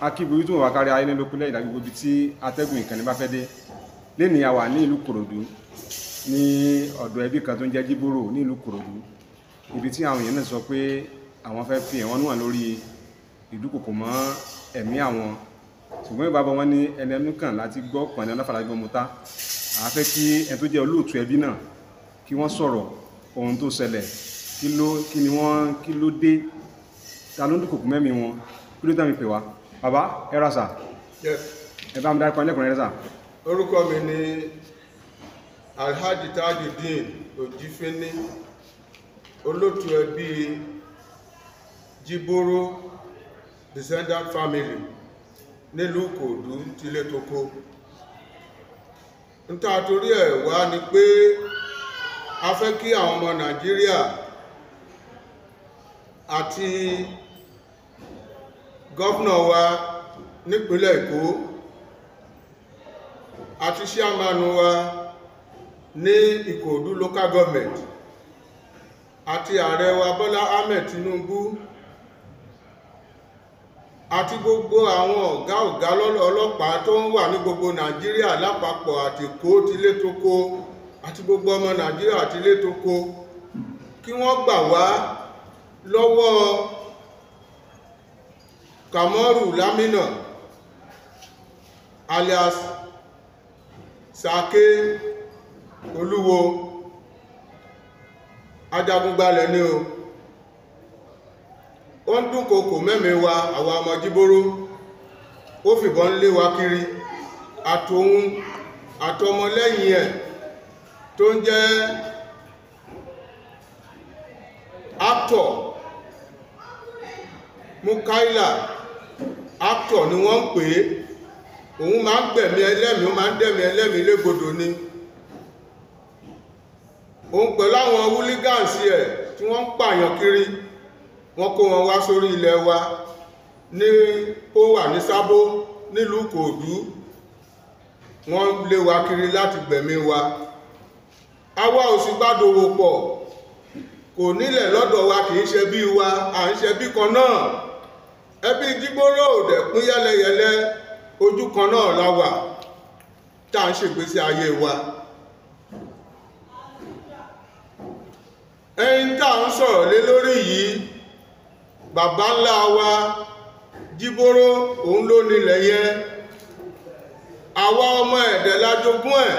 akíburú tó wà kárí ayé nílòkú lẹ́yìn ìdágbogbo ibi tí atẹ́gùn ìkànnì bá fẹ́ dé lẹ́nìí a wà ní ìlú kòròdú ní ọ̀dọ̀ ẹbí kan tó ń jẹ́ jíbòrò ní ìlú kòròdú ibi tí àwọn èèyàn náà sọ pé àwọn fẹ́ fi ẹ̀wọ̀n náà lórí ìdúkòkò mọ́ ẹ̀mí àwọn ṣùgbọ́n ìbábọ̀ wọn ní ẹni ẹnu kàn láti gbọ́ pọ̀nì ọlọ́fàlà gbọ́ mọ́ta àá fẹ́ kí ẹni tó jẹ́ olóòtú ẹbí náà kí wọ́n sọ̀rọ̀ ohun tó ṣẹlẹ̀ kí ló kí ni wọ́n kí ló dé ta ló ń dúkòkò mẹ́mí wọn kí ló dá mi pè wá baba ẹ ra sà ẹ bá mi dárúkọ ẹlẹ́kùnrin rẹ mi ni alhaji tajudeen ojifene olótú ẹbí jiboro descendant family nílùú kòòdú tilé toko níta torí ẹ̀ wá ni pé a fẹ́ kí àwọn ọmọ nàìjíríà àti gọ́fúnà wa nípínlẹ̀ èkó àti ṣíàmánu wa ní ìkòdú local government àti ààrẹ wa bọ́lá ahmed tinubu àti gbogbo àwọn ọ̀gá ọ̀gá ọlọ́pàá tó ń wà ní gbogbo nàìjíríà lápapọ̀ àti kó tilé tó àti gbogbo ọmọ nàìjíríà tilé tó kí wọ́n gbà wá lọ́wọ́ Kamoru Lamina alias Sake Olúwo ajagunbalẹ̀ ni o ó ń dúnkokò mẹ́mìí wa awa ọmọ jíbóró ó fìbọn lé wa kiri àtòun àtọmọlẹ́yìn ẹ̀ tó ń jẹ́ actor Mukaila actor ni wọ́n ń pè é òun máa ń gbẹ̀mí ẹlẹ́mìí ó máa ń dẹ̀mí ẹlẹ́mìí légbodò ni òun pẹ̀lú àwọn hooligans ẹ̀ tí wọ́n ń pààyàn kiri wọ́n kó wọn wá sórí ilẹ̀ wa ní pówà ní sábó nílùú kòòdú wọ́n lé wa kiri láti gbẹ̀mí wa àwa ò sì gbádùn owó pọ̀ kò nílẹ̀ lọ́dọ̀ wa kì í ṣe bí wa à ń ṣe bí kan náà ẹbí jígbóró òdẹ̀ kún yẹ́lẹyẹ̀lẹ ojú kan náà la wà tá à ń ṣègbésí ayé wa ẹyin tá à ń sọ̀rọ̀ lé lórí yìí bàbá ńlá wa jígbóró òun ló nílẹ̀ yẹ àwa ọmọ ẹ̀dẹ̀ la jogún ẹ̀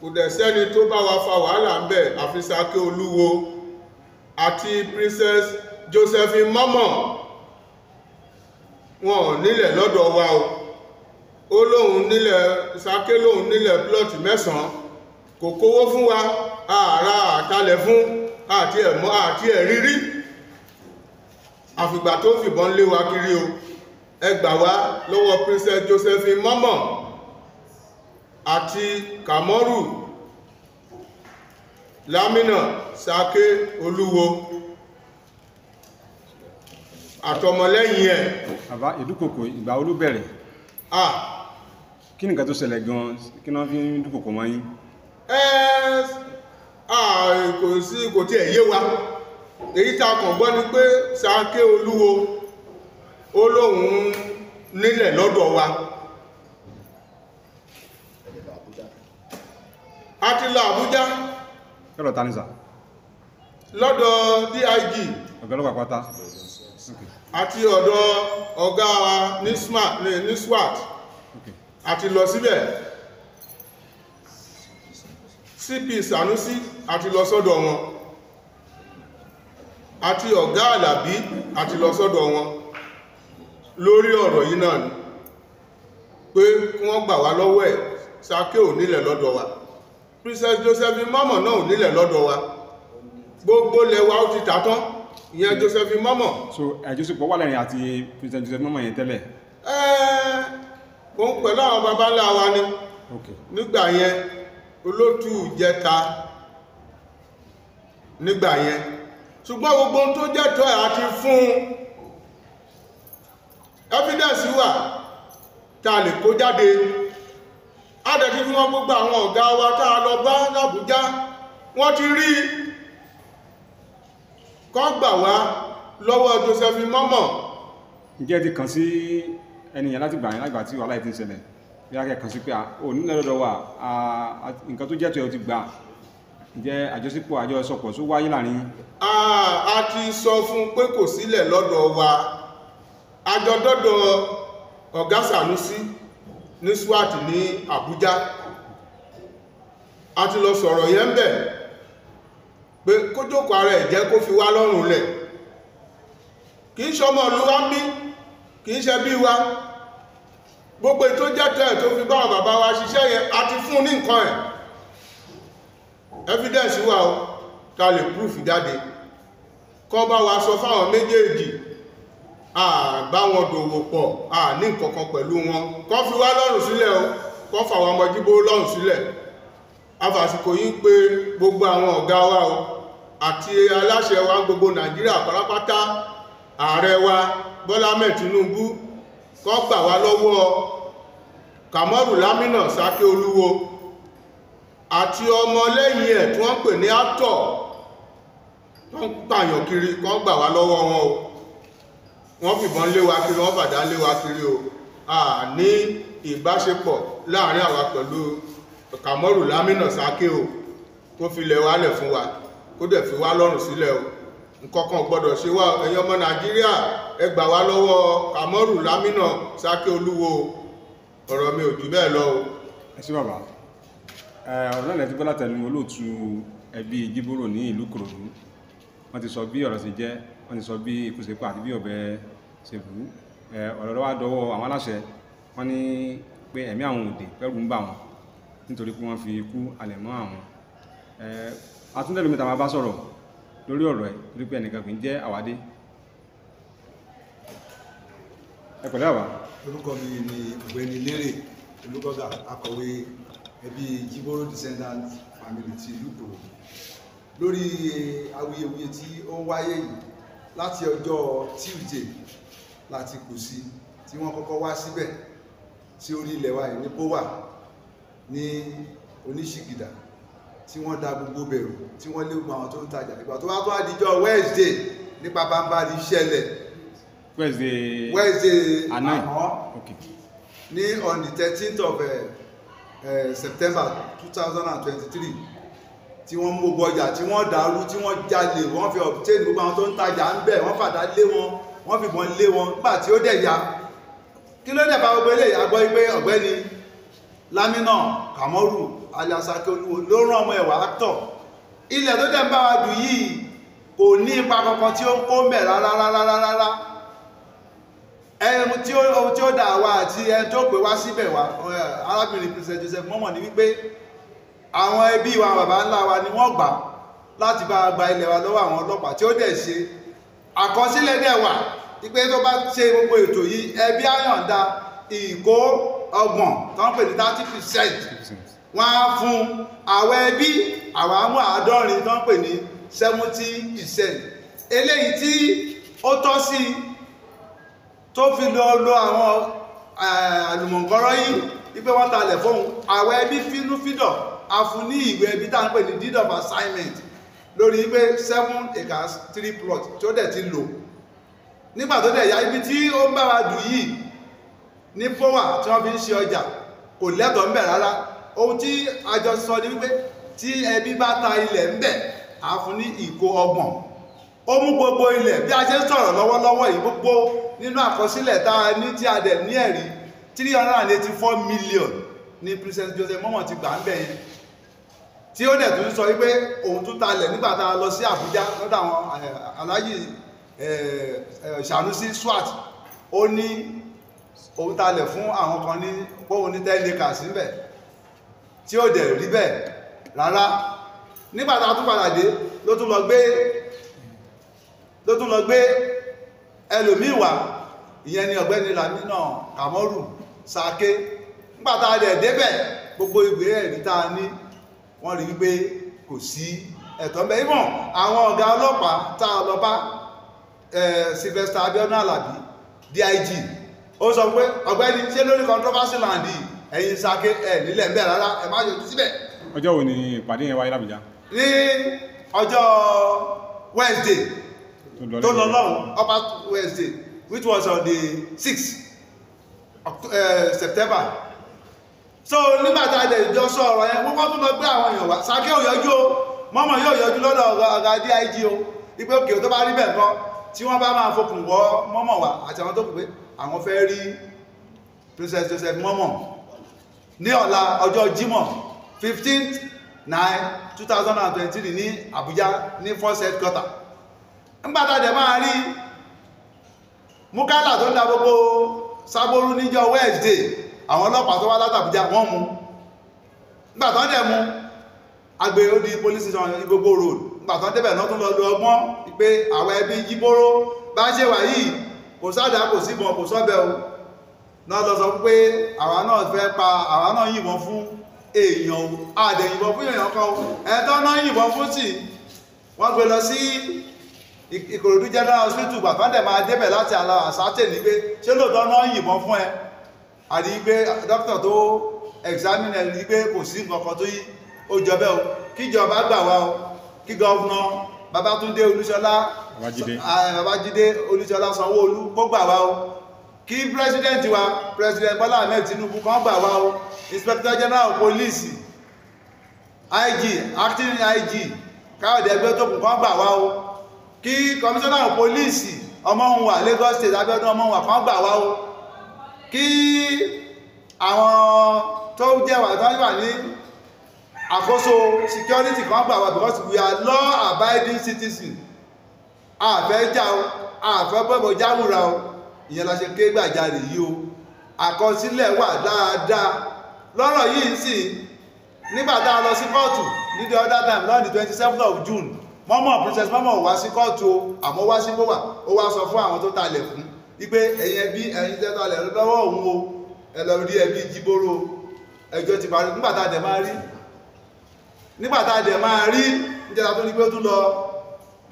kò dẹ̀ sẹ́ni tó bá wa fa wàhálà ń bẹ̀ àfi Ṣakẹ́ Olúwo àti Princess Josephine mọ́mọ́ wọn ò nílẹ̀ lọ́dọ̀ wa o ó lóun nílẹ̀ sáké lóun nílẹ̀ plọ́ọ̀tì mẹ́sàn-án kò kówó fún wa ààrà àtalẹ̀ fún àti ẹ̀mọ́ àti ẹ̀rírí àfìgbà tó fìbọn lé wa kiri o ẹ gbà wá lọ́wọ́ princess josephine mọ́mọ́ àti kamoru lamina sake olúwo àtọmọlẹ́yìn ẹ̀ bàbá ìdúkòkò ìgbà olú bẹ̀rẹ̀ ah kí nìkan tó ṣẹlẹ̀ gan kí náà fi ń dúkòkò mọ́ yín kò sí kò tí ẹ̀ yé wa èyí tá a kàn gbọ́ ni pé Ṣàáké Olúwo ó lóun nílẹ̀ lọ́dọ̀ wa a ti lọ Àbújá lọ́dọ̀ ta ni sà lọ́dọ̀ DIG ọ̀gá ọlọ́pàá pátá àti ọ̀dọ̀ ọ̀gá wa ní swat àti lọ síbẹ̀ cp sanusi àti lọ sọ́dọ̀ wọn àti ọ̀gá àlàbí àti lọ sọ́dọ̀ wọn lórí ọ̀rọ̀ yìí náà ni pé kí wọ́n gbà wá lọ́wọ́ ẹ̀ sake ò nílẹ̀ lọ́dọ̀ wa princess josephine mọ́mọ́ náà ò nílẹ̀ lọ́dọ̀ wa gbogbo lẹ́wà ó ti tà tán ìyẹn Josephine mọ́mọ́. so ẹ̀ Joseph wà lẹ́yìn àti president Josephine mọ́mọ́ yẹn tẹ́lẹ̀. ẹ̀ẹ́ mo ń pẹ̀lú àwọn baba ńlá wa ni nígbà yẹn olótú ìjẹta nígbà yẹn ṣùgbọ́n gbogbo ohun tó jẹ́tọ́ ẹ̀ àti fún evidence wà tá a lè kó jáde á dẹ̀ ti fún wọn gbogbo àwọn ọ̀gá wa tá a lọ bá l'Àbújá wọ́n ti rí i kọ́ gbà wá lọ́wọ́ Josephine mọ́mọ́. ǹjẹ́ ti kàn sí ẹnìyàn láti gbà yẹn lágbà tí wàhálà yìí ti ń ṣẹlẹ̀ bí wàá kàn sí pé onílẹ̀ lọ́dọ̀ wa nǹkan tó jẹ́ tó yẹ ti gbà ǹjẹ́ àjọṣepọ̀ àjọṣepọ̀ tó wáyé láàrin. a ti sọ fún un pé kò sílẹ̀ lọ́dọ̀ wa àjọdọ́dọ̀ ọ̀gá Sànúsí ní SWAT ní Àbújá a ti lọ sọ̀rọ̀ yẹn bẹ́ẹ̀ pé kó jókòó ara ẹ̀ jẹ́ kó fi wá lọ́rùn lẹ̀ kì í ṣọmọ ìlú wa ń bí kì í ṣe bí wa gbogbo ètò jẹ́tẹ̀ tó fi bá bàbá wa ṣiṣẹ́ yẹn a ti fún ní nǹkan ẹ̀ evidence wà o ta lè proof jáde kọ́ bá wa sọ fáwọn méjèèjì àgbá wọn dòwò pọ̀ à ní nǹkankan pẹ̀lú wọn kọ́ fi wá lọ́rùn sílẹ̀ o kọ́ fàwọn ọmọ jíbó lọ́rùn sílẹ̀ afàsìkò yí pé gbogbo àwọn ọ̀gá wa o àti aláṣẹ wa gbogbo nàìjíríà pátápátá ààrẹ wa bọ́lá mẹ́ tinubu kó gbà wá lọ́wọ́ kàmọ́rù lámínà sáké olúwo àti ọmọ lẹ́yìn ẹ̀ tí wọ́n pè ní átọ̀ tó ń pààyàn kiri kó gbà wá lọ́wọ́ wọn o wọ́n fìbọn lé wa kiri wọ́n fàdá lé wa kiri o a ní ìbáṣepọ̀ láàrin àwa pẹ̀lú kàmọ́rù lámínà sáké o tó fi lẹ̀ wálẹ̀ fún wa kó dẹ̀ fi wá lọ́rùn sílẹ̀ o nǹkankan gbọ́dọ̀ ṣe wá ẹ̀yin ọmọ nàìjíríà ẹ gbà wá lọ́wọ́ àmọ́rù lámínà sáké olúwo ọ̀rọ̀ mi ò jù bẹ́ẹ̀ lọ o. ẹ ṣé bàbá ọ̀rọ̀ náà lẹ́tí gbọ́ látẹnu olóòtú ẹbí jíbòrò ní ìlú kòròdú wọ́n ti sọ bí ọ̀rọ̀ ṣe jẹ́ wọ́n ti sọ bí ikú ṣe pa àti bí ọ̀bẹ ṣe bù ú ọ̀rọ̀ lọ́wọ́ dọwọ́ àwọn aláṣẹ wọ́n ní pé ẹ̀mí àwọn òde pẹ́rù ń bà wọ́n nítorí pé wọ́n fi ikú àlẹ̀mọ́ àwọn àtúndẹ̀ lómi tàwọn bá sọ̀rọ̀ lórí ọ̀rọ̀ ẹ̀ torí pé ẹnìkan kì í jẹ́ àwádé ẹ pẹ̀lú àwa. mi ni ọ̀gbẹ́ni lérè olùkọ́gà akọ̀wé ẹbí jiboro descendant family ti ìlú ìgbòho lórí awuyewuye tí ó ń wáyé yìí láti ọjọ́ tuesday láti kù sí tí wọ́n kọ́kọ́ wá síbẹ̀ sí orí ilẹ̀ wa yìí ní powa ní oníṣìgìdà tí wọ́n da gbogbo bẹ̀rù tí wọ́n lé gbogbo àwọn tó ń tajà ìgbà tó bá tó àdìjọ wednesday nípa bámbárí ṣẹlẹ̀ wednesday àná ní on the thirteenth of uh, uh, september two thousand and twenty-three tí wọ́n mú gbogbo ọjà tí wọ́n dàrú tí wọ́n jalè wọ́n fi obtain gbogbo àwọn tó ń tajà ń bẹ̀ wọ́n fàdá lé wọn wọ́n fìbọn lé wọn nígbà tí ó dẹ̀ ya kí ló dẹ̀ bá gbogbo eléyìí a gbọ́ pé ọ̀gbẹ́ni lámínà kàmọ́rù aliasake olúwo ló rán ọmọ ẹ̀wà actor ilẹ̀ tó dẹ̀ ń bá wa dùn yìí kò ní ipa kankan tí ó ń kó mẹ́ rárá rárá rárá ẹni tí ó dà wá àti ẹni tó pè wá síbẹ̀ wá arábìnrin Princess Joseph mọ́mọ́ ni wípé àwọn ẹbí wa bàbá ńlá wa ni wọ́n gbà láti bá gba ilẹ̀ wa lọ́wọ́ àwọn ọlọ́pàá tí ó dẹ̀ ṣe àkọsílẹ̀ dẹ̀ wà wípé tó bá ṣe gbogbo ètò yìí ẹbí àyànda ìkó ọgbọ̀n tó ń pè ní thirty percent wọ́n á fún àwọn ẹbí àwọn amú àádọ́rin tó ń pè ní seventy percent eléyìí tí ó tọ́ sí tó fi lọ lo àwọn àlùmọ̀ǹkọ́rọ́ yìí wípé wọ́n talẹ̀ fóun àwọn ẹbí fínúfídọ̀ a fún ní ìwé ẹbí tá à ń pè ní deed of assignment lórí wípé seven acres three plots tí ó dẹ̀ ti lò nígbà tó dẹ̀ ya ibi tí ó ń bára dùn yìí ní power tí wọ́n fi ń ṣe ọjà kò lẹ́tọ̀ọ́ ń bẹ̀ rárá ohun tí àjọ sọ ni wípé tí ẹbí bá ta ilẹ̀ ń bẹ̀ á fún ní ìkó ọgbọ̀n ó mú gbogbo ilẹ̀ bí a ṣe ń sọ̀rọ̀ lọ́wọ́lọ́wọ́ yìí gbogbo nínú àkọsílẹ̀ tá a ní tí a dẹ̀ ní ẹ̀rí three hundred and eighty four million ni Princess Joseph Momo ti gbà ń bẹ̀ yẹn tí ó dẹ̀ tún sọ wípé òun tún talẹ̀ nígbà tá a lọ sí Àbújá lọ́dọ̀ àwọn eh, aláyì eh, eh, Sanusi SWAT ó ní òun talẹ̀ fún àwọn kan ní pé òun ní ten acres níbẹ̀ tí ó dẹ̀ rí bẹ́ẹ̀ rárá nígbà tá a tún padà dé ló tún lọ gbé ló tún lọ gbé ẹlòmíì wá ìyẹn ni ọ̀gbẹ́ni Lamina Kamoru Sake nígbà tá a dẹ̀ débẹ̀ gbogbo ìwé ẹ̀rí tá a ní wọ́n rí wípé kò sí ẹ̀tọ́ ń bẹ ìmọ̀ àwọn ọ̀gá ọlọ́pàá tá a lọ bá eh, Sylvester Abiodun Alabi DIG ó sọ pé ọ̀gbẹ́ni ṣé lórí controversy land yìí ẹ̀yin sake ẹ̀ nílẹ̀ ńbẹ̀ rárá ẹ má yọjú síbẹ̀. ọjọ́ wo ni ìpàdé yẹn wáyé lábújá. ní ọjọ́ wednesday tó lọ lọ́hùn upper wednesday which was on the sixth uh, september so nígbà tá a dẹ̀ jọ yẹn wọ́n tún lọ gbé àwọn èèyàn wá sake ò yọjú o mọ́mọ́ yóò yọjú lọ́dọ̀ ọ̀gá dig o ipe òkè tó bá rí bẹ́ẹ̀ kan tí wọ́n bá máa fokùn wọ́ mọ́mọ́ wa àti àwọn tó kù pé àwọn fẹ́ rí princess joseph mọ́mọ́ ní ọ̀la ọjọ́ Jímọ̀ 15th two thousand and twenty ní Àbújá ní first headquarter ńgbàtà dẹ̀ máa rí mukala tó ń da gbogbo sábóru níjọ́ Wednesday àwọn ọlọ́pàá tó wá látàbújá wọ́n mú ńgbàtà dẹ̀ mú agbèrò police station Ìgbòho road gbàtọ́ débẹ̀ náà tún lọ lo ọgbọ́n pé àwọn ẹbí yíbóró bá ṣe wà yìí kò sáàdá kò síbọn kò sọ́bẹ̀ o náà lọ sọ pé àwa náà fẹ́ pa àwa náà yìnbọn fún èèyàn o àdẹ̀yìnbọn fún èèyàn kan o ẹ̀tọ́ náà yìnbọn fún sí wọ́n gbé lọ sí Ìkòròdú general hospital bàbá dẹ̀ máa débẹ̀ láti àlà àsátẹ̀ ní pé ṣé lóòótọ́ náà yìnbọn fún ẹ àti pé dókítà tó examine ẹ ní pé kò sí nǹkan kan tó yí ó jọ bẹ́ẹ̀ o kíjọba gbà wá o kí gọ́ọ̀nà Babátúndé Olúṣọlá Babájídé Olúṣọlá Sanwó-Olú kó o kí president wa president Bọ́lá Ahmed Tinubu kan gbà wá o inspector general police IG acting IG Káyọ̀dé Ẹgbẹ́tókùn kan gbà wá o kí commissioner police Ọmọhunwà Lagos state Abíọ́dún Ọmọhunwà kan gbà wá o kí àwọn tó jẹ́ wà tó wà ní àkóso security kan gbà wá because we are law abiding citizens àfẹ́ jà o àfẹ́ bọ́bọ̀ jáwùra o ìyẹn la ṣe ké gbàjarè yìí o àkọsílẹ̀ wà dáadáa lọ́rọ̀ yìí sì nígbà tá a lọ sí kóòtù ní the other time lọ́ọ̀dì twenty seven of June mọ́mọ́ princess mọ́mọ́ wá sí kóòtù o àmọ́ wá sí mọ́wà ó wá sọ fún àwọn tó talẹ̀ fún wípé ẹ̀yin ẹbí ẹ̀yin tẹ́ talẹ̀ lọ́wọ́ òun o ẹ lọ rí ẹbí jíbóró ẹjọ́ ti parí nígbà tá a dẹ̀ máa rí nígbà tá a dẹ̀ máa rí níjẹta tó ní pé ó tún lọ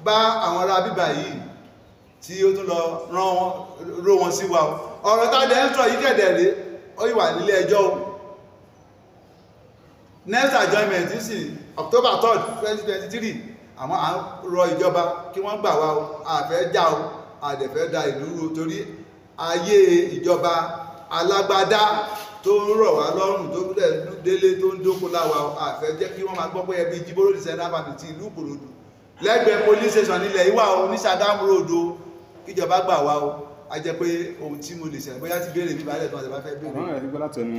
bá àwọn ará bíbá yìí tí ó tún lọ rán wọn ró wọn sí wa ọ̀rọ̀ tá dẹ̀ ń sọ yìí kẹ̀dẹ̀ rèé ó yìí wà nílé ẹjọ́ o next adjournment sì October third twenty twenty three àmọ́ à ń rọ ìjọba kí wọ́n gbà wá o àfẹ́ já o àdẹ̀fẹ́ da ìlú ro torí ayé ìjọba alágbádá tó ń rọ̀ wá lọ́rùn tó dẹ̀ délé tó ń dóko láwa àfẹ́ jẹ́ kí wọ́n máa gbọ́ pé ẹbí jíbóró sẹ́ńdá pàtó ti ìlú Ìkòròdú lẹ́gbẹ̀ẹ́ police station nílẹ̀ ìwà oníṣàdámù ròdo kíjọba gbà wá o a jẹ pé ohun tí mo lè ṣe bóyá ti béèrè mi balẹ̀ tó wọn ti bá fẹ́ béèrè. àwọn náà ti gbọ́ látọ̀nu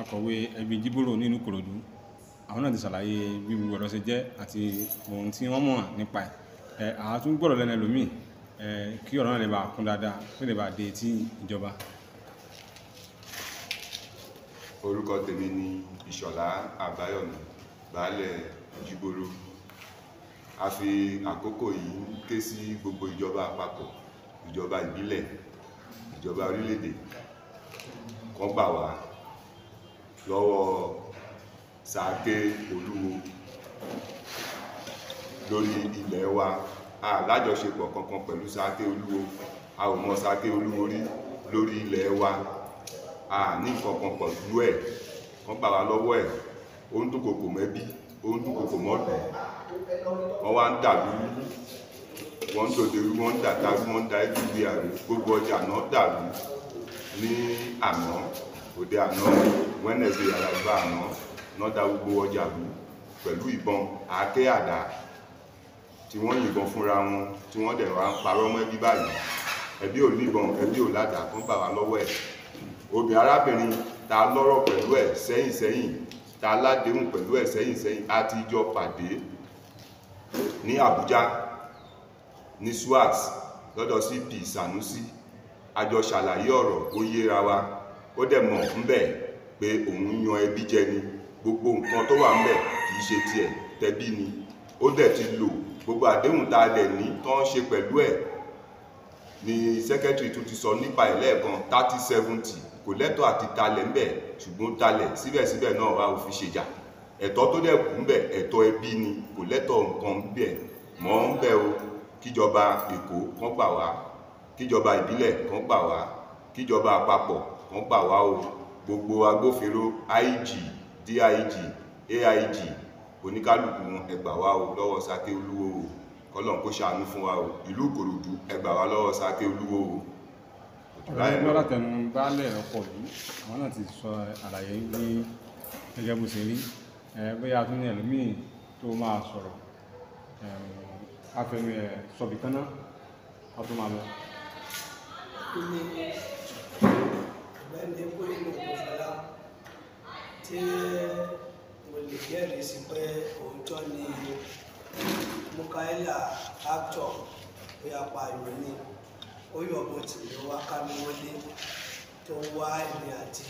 akọ̀wé ẹbí jíbòrò nínú Ìkòròdú àwọn náà ti ṣàlàyé bí gbogbo ọ̀rọ̀ ṣe jẹ́ àti ohun tí wọ́n mọ̀ nípa ẹ̀ àwọn tún gbọ́dọ̀ lẹ́nu ẹlòmíì kí ọ̀rọ̀ náà lè bá kún dáadáa kí lè bá dé etí ìjọba. orúkọ tèmi ni ìṣọ̀lá àbáyọ̀mí baálẹ̀ jíbòrò a fi àkókò yìí ké sí gbogbo ìjọba àpapọ̀ ìjọba ìbílẹ̀ ìjọba orílẹ̀-èdè kan gbà wá lọ́wọ́ Sàáké Olúwo lórí ilẹ̀ wa a lájọṣepọ̀ kankan pẹ̀lú Sàáké Olúwo a ò mọ Sàáké Olúwo rí lórí ilẹ̀ wa a ní kankan pẹ̀lú ẹ̀ kan gbà wá lọ́wọ́ ẹ̀ ó ń dúnkokò mẹ́bí ó ń dúnkokò mọ́dún wọ́n wá ń dàlú wọ́n tòdòrú wọ́n tàta wọ́n da ẹ̀dùgbé àrè gbogbo ọjà náà dàrú ní àná òde àná wẹ́nẹ̀sì àràgbà àná náà da gbogbo ọjà rú pẹ̀lú ìbọn àáké àdá tí wọ́n yìnbọn fúnra wọn tí wọ́n dẹ̀ wá ń parọ́ mọ́ ẹbí báyìí ẹbí ò níbọn ẹbí ò ládàá kán bà wá lọ́wọ́ ẹ̀ obìnrin arábìnrin ta lọ́rọ̀ pẹ̀lú ẹ̀ sẹ́yìn sẹ́yìn ta ládéhùn pẹ̀lú ẹ̀ sẹ́yìn sẹ́yìn a ti jọ pàdé ní Àbújá ní swax lọ́dọ̀ cp sanusi àjọ ṣàlàyé ọ̀rọ̀ ó yéra wa ó dẹ̀ mọ̀ ńbẹ̀ pé òun yan ẹbí jẹ ni gbogbo nǹkan tó wà ńbẹ̀ kì ṣe tiẹ̀ tẹbí ni ó dẹ̀ ti lò gbogbo àdéhùn tá a dẹ̀ ní tán ṣe pẹ̀lú ẹ̀ ni sẹ́kẹ́tìrì tún ti sọ nípa ẹ̀ lẹ́ẹ̀kan thirty seventy kò lẹ́tọ̀ àti talẹ̀ ńbẹ̀ ṣùgbọ́n talẹ̀ síbẹ̀síbẹ̀ náà wà ó fi ṣèjà ẹ̀tọ́ tó dẹ̀ kù ńbẹ̀ ẹ̀tọ́ ẹbí ni kò lẹ́tọ̀ nǹkan ńbẹ̀ mọ́ ńbẹ̀ o kíjọba èkó kan gbà wá kíjọba ìbílẹ̀ kan gbà wá kíjọba àpapọ̀ kan gbà wá o gbogbo agbófinró IG DIG AIG oníkálukú wọn ẹ gbà wá o lọ́wọ́ Sáké Olúwo o kọlọ̀ kó ṣàánú fún wa o ìlú Ìkòròdú ẹ gbà wá lọ́wọ́ Sáké Olúwo o. ọ̀rọ̀ ẹgbẹ́ látẹnu baálẹ̀ ọkọ̀ yìí àwọn náà ti sọ àlàyé ní gẹ́gẹ́ bó ṣe rí bóyá tún ní ẹlòmíì tó máa sọ̀rọ̀ afẹnu ẹ eh, sọbi kanna ọtún máa lọ. ọ̀gbẹ́ni kúrẹ́ ní òkúfẹ́lá tí mo lè jẹ́rìí sí pé òótọ́ ni mukaila actor pé apààyàn ni ó yọ̀ bó ti lè wá kámiwọlé tó ń wá èmi àti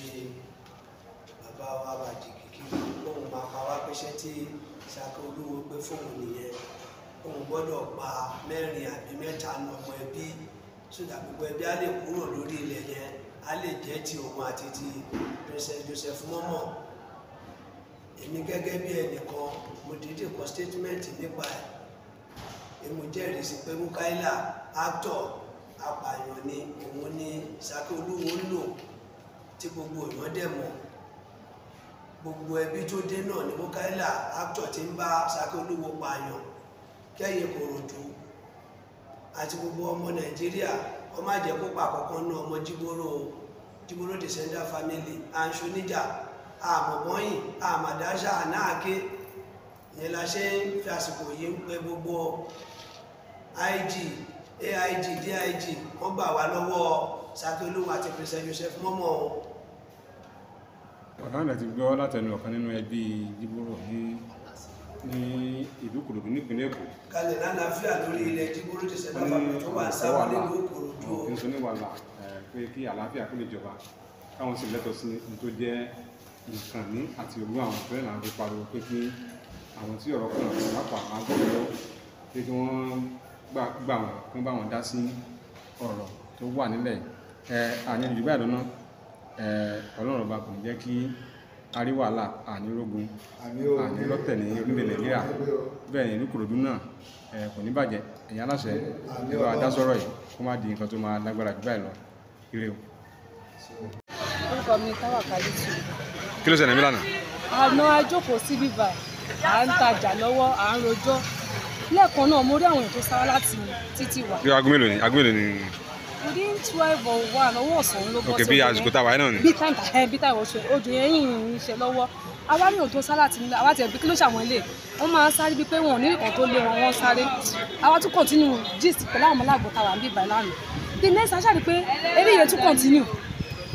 bàbá wa bàjẹ́ kìkì lóhùn òun gbọ́dọ̀ pa mẹ́rin àbí mẹ́ta nu ọmọ ẹbí sódà gbogbo ẹbí á lè kúrò lórí ilẹ̀ yẹn á lè jẹ́ ti òun àti ti Princess Joseph mọ́mọ́ èmi gẹ́gẹ́ bí ẹnìkan mo dìídì kọ statement nípa ẹ̀ èmi jẹ́rìí sí pé Mukaila actor apààyàn ni òun ní Sàkè Olúwo ń lò tí gbogbo èèyàn dẹ̀ mọ̀ gbogbo ẹbí tó dé náà ni Mukaila actor ti ń bá Sàkè Olúwo pààyàn kẹ́yìn Ìkòròdú àti gbogbo ọmọ Nàìjíríà ọmọ àjẹkópa àkọ́kọ́ náà ọmọ jíbóró jíbóró descendant family anṣu níjà àmọ̀bọ́yìn àmàdáṣà ànáàké ìyẹn la ṣe ń fi àsìkò yìí ń pẹ gbogbo IG AIG DIG wọ́n gbà wá lọ́wọ́ Ṣakí Olúwo àti Prince Joseph mọ́mọ́ o. ọ̀gá àgbà ti gbọ́ látẹnu ọ̀kan nínú ẹbí jíbóró ní ní ìlú èkó. kalẹ̀ lálàáfíà lórí ilẹ̀ jíbúrú ti sẹ́dá fàmì tó wà sáwọn nínú òkòròdú o. nítorí wàhálà pé kí àlàáfíà kó lè jọba káwọn sì lẹ́tọ̀ọ́ sí ní tó jẹ́ nǹkan ní àti ogún àwọn ìfẹ́ làwọn fi pariwo pé kí àwọn tí ọ̀rọ̀ kan ọ̀rọ̀ lápá àwọn gbọ́dọ̀ pé kí wọ́n gbà wọ́n kí wọ́n bá wọn dá sí ọ̀rọ̀ tó wà nílẹ̀ àní yorùbá ìdáná ọlọ́run ọba kò ní jẹ́ kí àríwàlà ànírógun ànírọ́tẹ̀ ní orílẹ̀ nàìjíríà bẹ́ẹ̀ ni ìlú Ìkòròdú náà kò ní bàjẹ́ ẹ̀yin aláṣẹ ẹ̀rọ adásọ̀rọ̀ yìí kó má di nǹkan tó máa lágbára jù báyìí lọ ire o. orúkọ mi táwa kálítù. kí ló ṣẹlẹ̀ mí lánàá. àná a jókòó à ń tajà lọ́wọ́ à ń rojọ́ lẹ́ẹ̀kan náà mo rí àwọn èèyàn tó sá láti títì wá. bí aago mélòó ni aago mélòó ni within twelve or one owó ọ̀sán ló bọ́ sí ọ̀dọ̀ yẹn bí àsìkò táwa náà ni. bí time ẹ eh, bí time ọ̀sẹ̀ odò yẹn yìnyín ń ṣe lọ́wọ́ àwa ní òtó sálà tí nílẹ̀ àwa tiẹ̀ bí kí ló ṣàwọn ilé wọ́n máa ń sáré bíi pé wọn ò ní nǹkan tó lé wọn wọ́n sáré àwa tún continue gist pẹ̀lú àwọn ọmọláàgbò táwa ń bí ìbàlá mi the next aṣáájú pé eré yẹn tún continue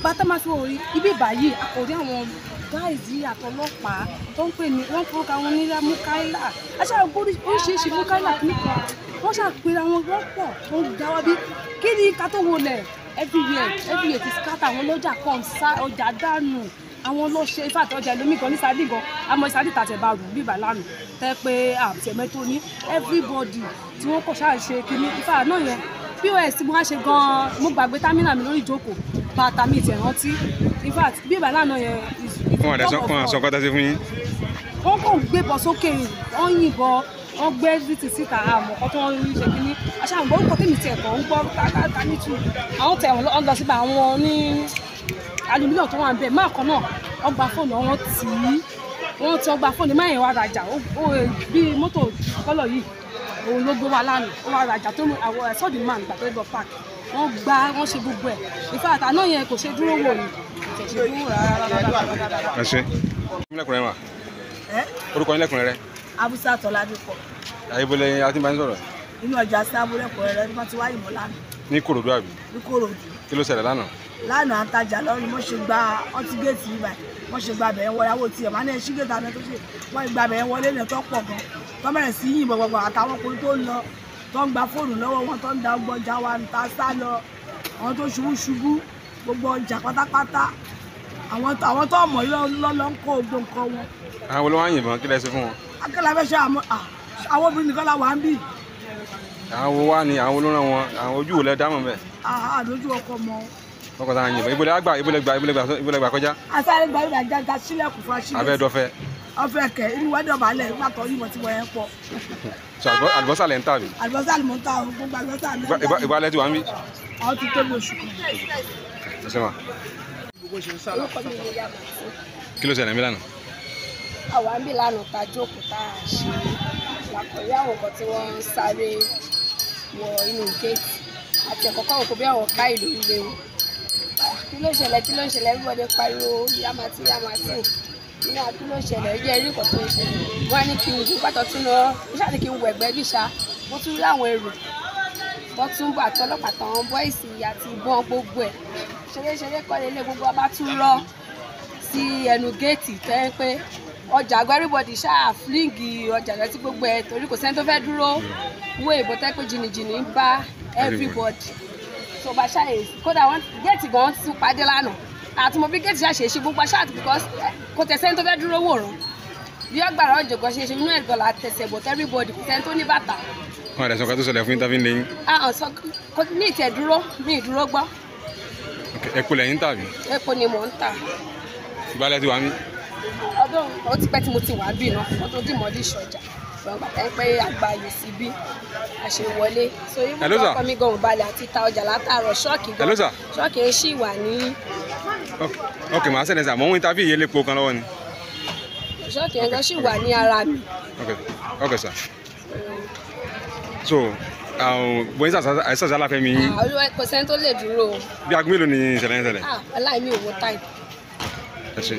bàtà máa fi orí ibi ìbàyí àkòrí àwọn gáàsì àtọlọ́pàá tó ń pè ní wọ́n forúkọ àwọn onílà múkáìlà aṣáájú oríṣiríṣi múkáìlà nìkan wọ́n ṣàpèrè àwọn wọ́n pọ̀ wọ́n já wá bí kí ni ká tó wọlé everywhere everywhere ti scatter àwọn lọ́jà kan sá ọjà dànù àwọn ló ṣe ifá àtọ́jà ẹlòmíì gan ní sáré gan àmọ́ sáré tàtẹ̀ bá rù bíbà lánàá tẹ́ pé àtẹ̀mẹ́ tó ní everybody tí wọ́n kọ̀ ṣáà ṣe kínní ifá náà yẹn pọ́s mo wá ṣe gan-an mo gbàgbé támínà mi lórí ìjókòó bàtà mi ti rántí in fact bí ìbàlá náà yẹn. fún àdàsán kan àsọkọta sí fún yín. wọ́n kàn gbébọn sókè wọ́n wọ́n gbé everything síta àmọ́ kan tó wọ́n ń ṣe kínní àṣà àmọ́ orúkọ tèmi tiẹ̀ kọ́ ń gbọ́ káàkiri nítú àwọn tẹ̀ wọ́n lọ síbẹ̀ àwọn ní aluminium tó wà ń bẹ̀ máa kan náà wọ́n gba fóònù wọn tì í wọ́n ti ọgbà fóònù máa yẹn wá rajà bí mọ́tò kọ́lọ̀ yìí òun ló gbé wa lánàá ó wá rajà tó mú àwọn ẹ̀sọ́ọ̀dì máa ń gbà tó lọ park wọ́n gbá wọ́n ṣe gbogbo ẹ̀ ìfẹ́ àtàná yẹn kò ṣe dúró wò ní kò ṣe dúró rárá rárá rárá. ẹ ṣe orúkọ yín lẹ́kùnrin rẹ abusa tọ́ládúpọ̀. àyẹ̀bọ̀lẹ̀ àti bá ń sọ̀rọ̀. inú ọjà sábó lẹ́kọ̀ọ́ rẹ wọ́n ti wáyé mọ́ lánàá. ní korodu àbí. ní korodu. kí ló ṣẹlẹ̀ lánàá. lánàá àtajà lọ́rùn mo ṣe gba ọtí géètì yìí báyìí mo ṣe gba bẹ̀yẹn wọlé àwọn tiẹ̀ máa ní ẹṣí géètì àná tó ṣe wọ́n gba bẹ̀yẹn wọlé ní ẹ̀tọ́ pọ̀ gan tọ́mẹ̀rẹ̀ sí yìnbọn gbọ̀ngàn àtàwọn ọkùnrin tó ń lọ tó ń gba fóònù lọ́wọ́ wọn tó ń da ọgbọ́njà wa ń ta sá lọ àwọn tó ṣubú ṣubú gbogbo ọjà pátápátá àwọn tó mọ̀ lọ́lọ́ ń kó gbogbo nǹkan wọn. àwọn olówó àyìnbọn kí lẹ ṣe fún wọn akẹ́lẹ́ afẹ́ṣẹ́ àwọn obìnrin nìkan la wà ń bì. àwọn wa ni àwọn olóran wọn àwọn ojú òlẹ̀ dámọ̀ bẹ́ẹ̀. àhà lójú ọkọ mọ. ọkọ tá a yìnbọn ibole agba ibole gba ibole gba ibole gba kọjá. gba ibole ajá ta sílẹ̀kùn fún asílẹ̀. abẹ́ dọ́fẹ́. ọfẹ kẹ inú wa dọ̀bà lẹ̀ nígbà tó yìnbọn tí wọ́n yẹn pọ̀. sọ àlùbọ́sà lẹ̀ ń tà bí. àlùbọ́sà lè mọ̀ ń tà o gbogbo àlùbọ́sà lẹ̀ ń tà. ìbá ìbá alẹ́ ti wà ń bí. àwọn ti tóbi oṣù kan. kí ló àwa ń bì lánàá ta jókòó tá a ṣe làkọ̀rí àwọn kan tí wọ́n ń sáré wọ inú géètì àti ẹ̀kọ́ káwọn kò bí àwọn ká ìlú ilé wọn ah, kí ló ṣẹlẹ̀ kí ló ṣẹlẹ̀ everybody pariwo yamati yamati ní àti ló ṣẹlẹ̀ ó jẹ́ eré kan tó ń ṣẹlẹ̀ wọ́n á ní kí n ju pátọ́ tún lọ ó ṣáà ní kí n wọ ẹ̀gbẹ́ bí ṣá mo tún rí àwọn èrò wọ́n tún bọ̀ àti ọlọ́pàá tán bọ́ìsì àti ìbọn gbogbo ẹ̀ ṣeré ṣeré kọ́lé ilé gbogbo ọba tún rọ́ sí ẹnu géètì tẹ́ pé ọjà àgọ́ everybody ṣáà flingi ọjà rẹ sí gbogbo ẹ̀ torí kò sẹ́ni tó fẹ́ dúró wo ìbò tẹ́ pé jìnnìjìnnì ń bá everybody tó bá ṣáà kódà wọn géètì gan ti pàdé lánàá àti mo bí géètì ṣáà ṣe é ṣe gbogbo ṣáà because eh, kò tẹ̀ sẹ́ni tó fẹ́ dúró wòran bí ọgbàrá ọjọgàn ṣe ṣe inú ẹ̀ la tẹ̀sẹ̀ bọ̀ everybody kò sẹ́ni tó ní bàtà. wọn àdàsọ kan tó sọlẹ fún interview lẹ́yìn. ahàn sọ kò ní ìtẹ̀ dúró mi ìdúró gbọ́. epo ọdún ó ti pẹ́ tí mo ti wà bí iná kó tó dìmọ̀ ní ìṣọjà ṣùgbọ́n gbàtà ń pẹ́ àgbáyé sí bí a ṣe wọlé so ibùdó ọkọ mi gan balẹ̀ àti ta ọjà látàárọ̀ ṣọ́ọ̀kì gan ṣọ́ọ̀kì ń ṣì wà ní. ok màá sẹ́ni sà mò ń wí tábí ìyẹlẹ po kan lọ́wọ́ ni. ṣọ́ọ̀kì yẹn gan ṣì wà ní ara mi. ok ok sà. so um, bóyá àìsàn sálá fẹ́ mi. olúwa kò sẹ́ni tó lè dúró. bí aago mélòó ni ìṣẹ̀lẹ̀ ń ṣẹlẹ̀. Ah, aláìní òwò táì. ẹ ṣe.